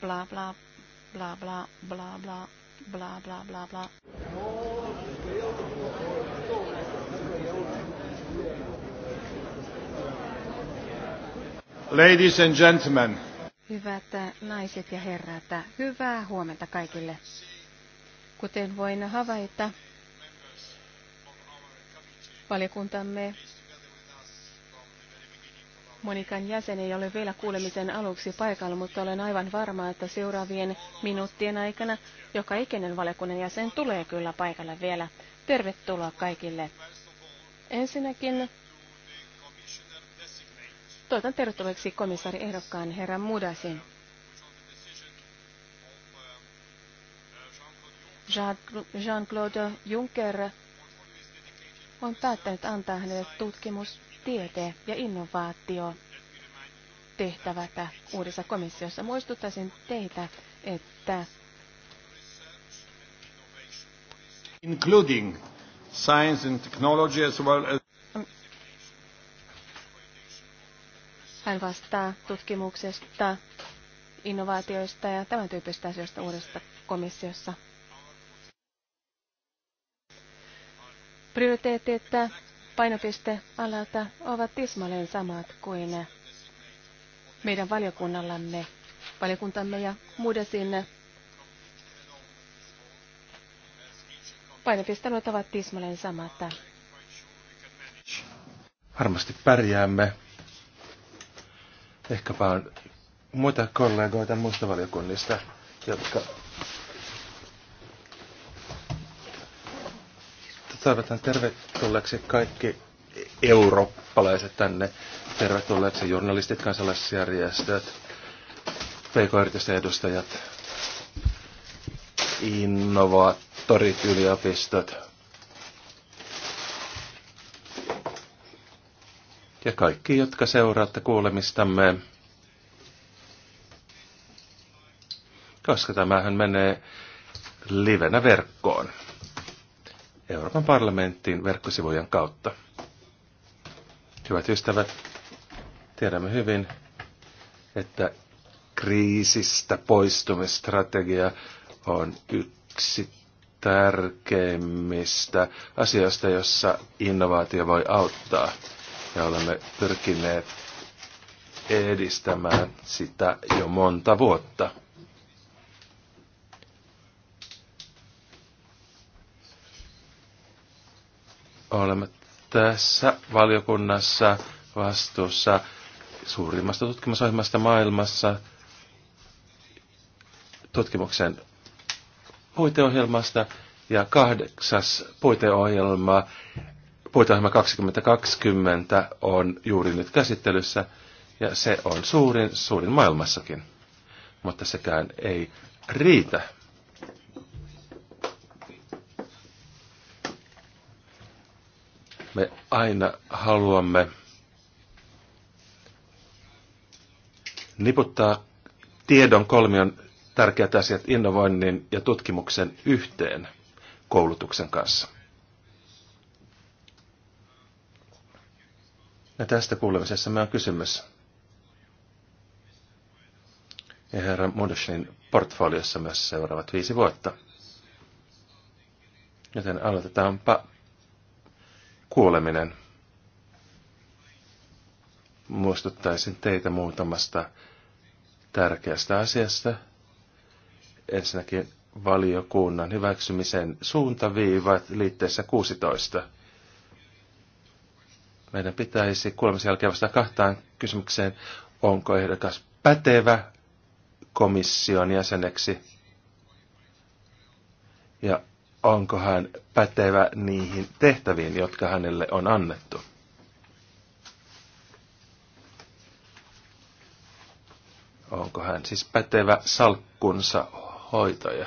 bla bla bla bla bla bla bla bla bla bla. Ladies and gentlemen. Hyvät äh, naiset ja herrat, äh, hyvää huomenta kaikille. Kuten voin havaita, valiokuntamme Monikan jäsen ei ole vielä kuulemisen aluksi paikalla, mutta olen aivan varma, että seuraavien minuuttien aikana joka ikinen valiokunnan jäsen tulee kyllä paikalle vielä. Tervetuloa kaikille. Ensinnäkin toivotan tervetulleeksi komissaari ehdokkaan herra Mudasin. Jean-Claude Juncker on päättänyt antaa hänelle tutkimus tiete- ja innovaatio tehtävät uudessa komissiossa. Muistuttaisin teitä, että including science and technology as well as Hän vastaa tutkimuksesta, innovaatioista ja tämän tyyppistä asioista uudesta komissiossa. Prioriteetit painopistealat ovat tismalleen samat kuin meidän valiokunnallamme, valiokuntamme ja muiden Painopistealat ovat tismalleen samat. Varmasti pärjäämme. Ehkäpä on muita kollegoita muista valiokunnista, jotka Toivotan tervetulleeksi kaikki eurooppalaiset tänne. Tervetulleeksi journalistit, kansalaisjärjestöt, pk edustajat, innovaattorit, yliopistot ja kaikki, jotka seuraatte kuulemistamme. Koska tämähän menee livenä verkkoon. Euroopan parlamenttiin verkkosivujen kautta. Hyvät ystävät, tiedämme hyvin, että kriisistä poistumistrategia on yksi tärkeimmistä asioista, jossa innovaatio voi auttaa. Ja olemme pyrkineet edistämään sitä jo monta vuotta. olemme tässä valiokunnassa vastuussa suurimmasta tutkimusohjelmasta maailmassa, tutkimuksen puiteohjelmasta ja kahdeksas puiteohjelma, puiteohjelma 2020 on juuri nyt käsittelyssä ja se on suurin, suurin maailmassakin. Mutta sekään ei riitä. Me aina haluamme niputtaa tiedon kolmion tärkeät asiat innovoinnin ja tutkimuksen yhteen koulutuksen kanssa. Ja tästä kuulemisessa me on kysymys. Ja herra Mudoshin portfoliossa myös seuraavat viisi vuotta. Joten aloitetaanpa kuoleminen. Muistuttaisin teitä muutamasta tärkeästä asiasta. Ensinnäkin valiokunnan hyväksymisen suuntaviivat liitteessä 16. Meidän pitäisi kuulemisen jälkeen vastata kahtaan kysymykseen, onko ehdokas pätevä komission jäseneksi ja onko hän pätevä niihin tehtäviin, jotka hänelle on annettu. Onko hän siis pätevä salkkunsa hoitaja?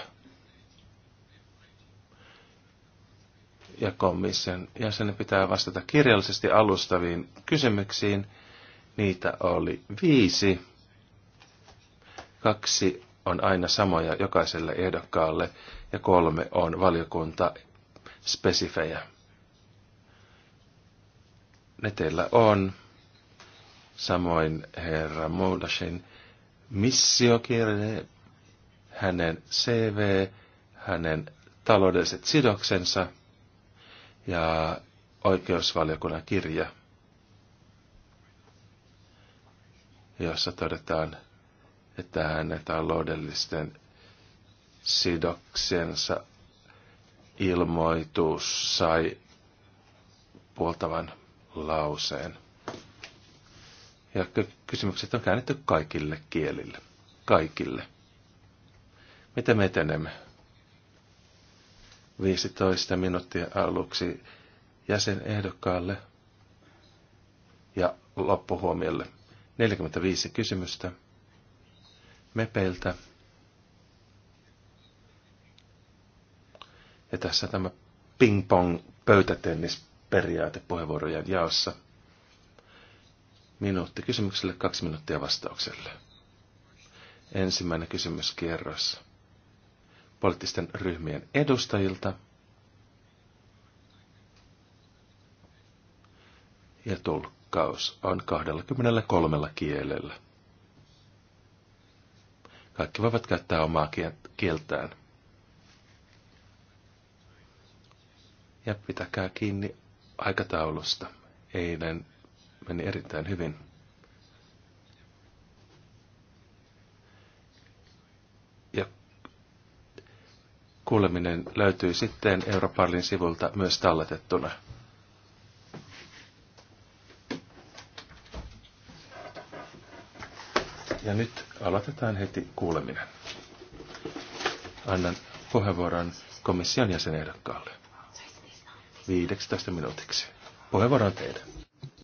Ja komission jäsenen pitää vastata kirjallisesti alustaviin kysymyksiin. Niitä oli viisi. Kaksi on aina samoja jokaiselle ehdokkaalle ja kolme on valiokunta spesifejä. Ne teillä on. Samoin herra Moldashin missiokirje, hänen CV, hänen taloudelliset sidoksensa ja oikeusvaliokunnan kirja, jossa todetaan että hänen taloudellisten sidoksensa ilmoitus sai puoltavan lauseen. Ja kysymykset on käännetty kaikille kielille. Kaikille. Miten me etenemme? 15 minuuttia aluksi jäsenehdokkaalle ja loppuhuomiolle 45 kysymystä mepeiltä. Ja tässä tämä ping-pong pöytätennisperiaate puheenvuorojen jaossa. Minuutti kysymykselle, kaksi minuuttia vastaukselle. Ensimmäinen kysymyskierros poliittisten ryhmien edustajilta. Ja tulkkaus on 23 kielellä. Kaikki voivat käyttää omaa kieltään. Ja pitäkää kiinni aikataulusta. Eilen meni erittäin hyvin. Ja kuuleminen löytyy sitten Europarlin sivulta myös talletettuna. Ja nyt aloitetaan heti kuuleminen. Annan puheenvuoron komission jäsenehdokkaalle 15 minuutiksi. Puheenvuoro on teidän.